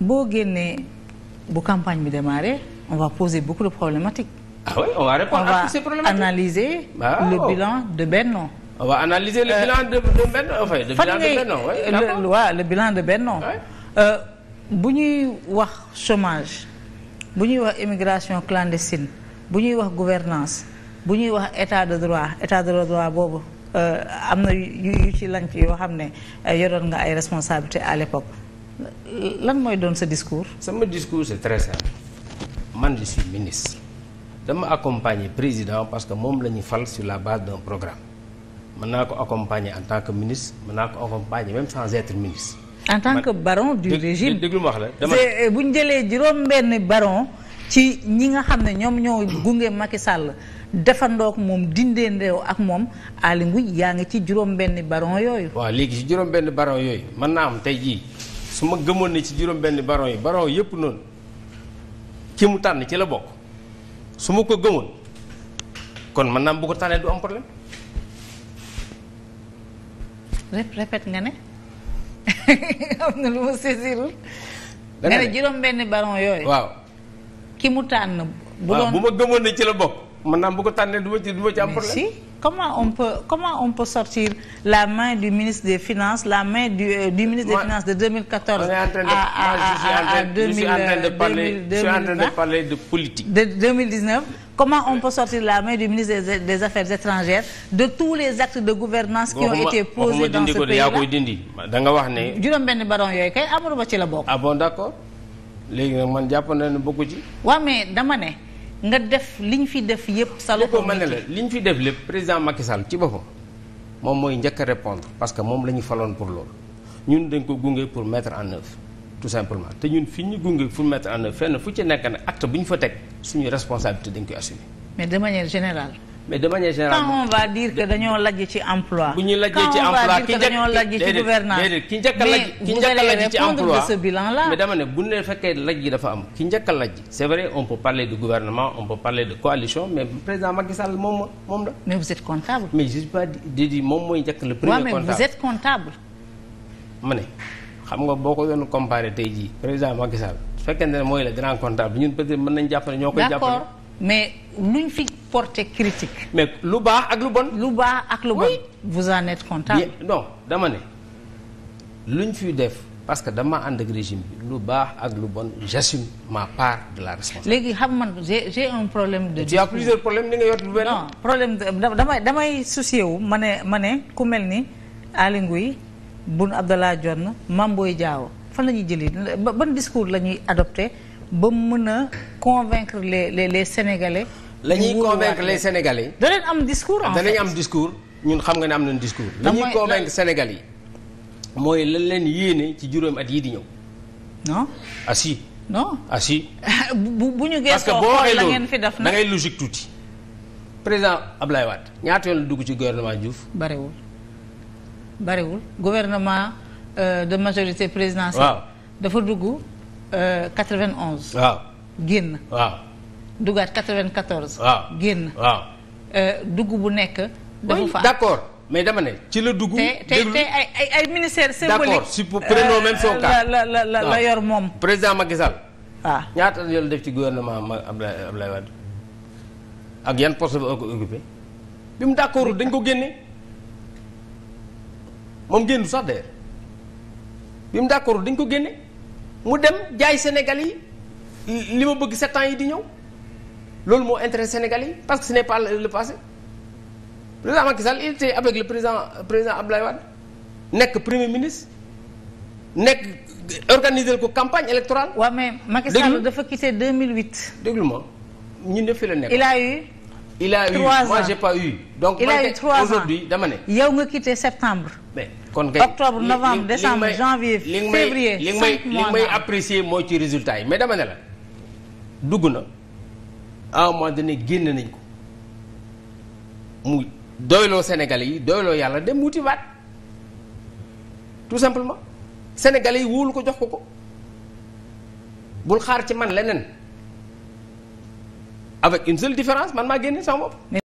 boo génnee bu campagne bi démarré on va poser beaucoup de ah on va répondre le bilan de Benno. on va analyser le bilan de Benno euh, bu ñuy wax chomage bu ñuy wax immigration clandestine bu ñuy wax gouvernance bu ñuy wax état de droit état de droit boobu euh, am na yu yu ci lanc yoo xam ne euh, yoroon nga ay responsabilités à l'époque lan mooy doon sa discours. sama discours c'est très simple man je suis ministre dama accompagner président parce que moom la ñu fal sur la base d'un programme mën naa ko accompagner en tant que ministre mën naa ko accompagner même sans être ministre. en tant que baron du régime déglu ma wax la dama eh, bu ñu jëlee juróom benni baron ci ñi nga xam ne ñoom ñoo gunge Macky Sall defandoo ak moom dindee ndeew ak moom Aly Ngouille yaa ngi ci juróom benni baron yooyu. waaw léegi ci juróom-benn baron yooyu mën naa am tey jii. su ma gëmoon ne ci juróom benn baron yi baron yëpp noonu ki mu tànn ci la bokk su ma ko gëmoon kon man naam bu ko tànnee du am problème. répète nga ne am na lu ma saisirul. nga ne juróom benn baron yooyu. waaw ki mu tànn. bu doon bu ma gëmoon na ci la bokk. man naa bu ko tànnee du ma ci du ma comment on peut sortir la main du ministre des finances la main du euh, du ministre Moi, des finances de 2014. à à à a 2000 je suis en train de euh, parler je comment on peut sortir la main du ministre des affaires étrangères de tous les actes de gouvernance qui ont été posés dans ce pays là yaa da nga wax ne. juróom-benn baron yooyu kay Amadou Ba ci la bokk. ah bon d'accord léegi nag man jàpp na ne bokku ci. waaw mais dama ne. nga def li ñu fi def yëpp. sa loxo mën na la li ñu fi def lépp président Macky Sall ci boppam moom mooy njëkk a répondre parce que moom la ñu faloon pour loolu ñun dañ ko gunge pour mettre en œuvre tout simplement te ñun fi ñu gunge pour mettre en œuvre fenn fu ci nekk nag acte bu ñu fa teg suñu responsabilité dañ koy assumer. mais de manière générale. mais de manière générale quand on va dire bu ñuy lajjee ci emploi ki njëkk dañoo lajj a lajj ki mais dama ne bu ne fekkee lajj dafa am ki njëkk a lajj. c'est vrai on peut parler de gouvernement on peut parler de coalition mais président Macky Sall moom moom la. mais vous êtes comptable. mais je suis pas di di moom mooy njëkk le premier comptable ma ne xam nga boo ko doon comparé tey jii président Macky Sall su fekkente ne mooy le grand comptable ñun peut-être mën nañ jàpp ne ñoo koy mais lu ñu fi porté critique. mais lu baax ak lu bon. lu baax ak lu bon. vous en êtes content. non dama ne luñ fi def. parce que dama ànd ak régime lu baax ak lu bon j'assume ma part de la responsabilité. léegi xam man j'ai j'ai un problème. de tu as plusieurs problèmes lu benn. problème damay damay soucié wu ma ne ma ne ku mel ni Aly Ngouille Boun Abdallah Dionne Mame Boye Diao fan la ñuy jëlee ban discours la ñuy adopté. ba mën a convaincre les les les sénégalais. la ñuy convaincre les sénégalais. am discours am fait danañ am discours ñun xam nga ne am nañ discours. la ñuy convaincre Sénégal yi mooy lan leen yéene ci juróom at yii di ñëw. non ah no assi ah bu bu ñu parce que boo waxee loolu da ngay logique tuuti. président Ablaye Wade ñaata yoon la dugg ci gouvernement Diouf. barewul barewul gouvernement euh, de majorité présidentielle. waaw dafa dugg. 91. Euh, waaw génn. waaw duggaat 94. waaw génn. waaw euh, dugg bu nekk. dafa fa d'accord mais dama ne ci la dugg. déglu te ay ay ay ministère symbolique. Euh, la yor moom. président Macky Sall. waaw ah. ñaata yoon def ci gouvernement ma Abdoulaye Abdoulaye Wade ak yan poste ba ko bi mu d'accord dañ ko génne moom génn sax d'ailleurs bi mu d'accord dañ ko génne. mu dem jaay Sénégal yi li ma bëgg sept ans yi di ñëw loolu moo intérêt Sénégal yi parce que ce n'est pas le passé président Macky Sall il était avec le président président Abdoulaye nekk premier ministre nekk organiser ko campagne électorale. waaw mais Macky Sall dafa quitté mille déglu ma ñun ñëpp fi la nekk. il a eu moi j'ai pas eu. donc il a eu trois ans yow nga quitté septembre. kon kay octobre novembre décembre janvier février li may li may apprécier mooy ci résultat yi mais dama ne la dugg na à mois de donné génn nañ ko mu doyloo Sénégalais yi doyloo yàlla dem wuti waat tout simplement Sénégalais yi wóolu ko jox ko ko bul xaar ci man leneen. avec une seule différence man maa génne sama bopp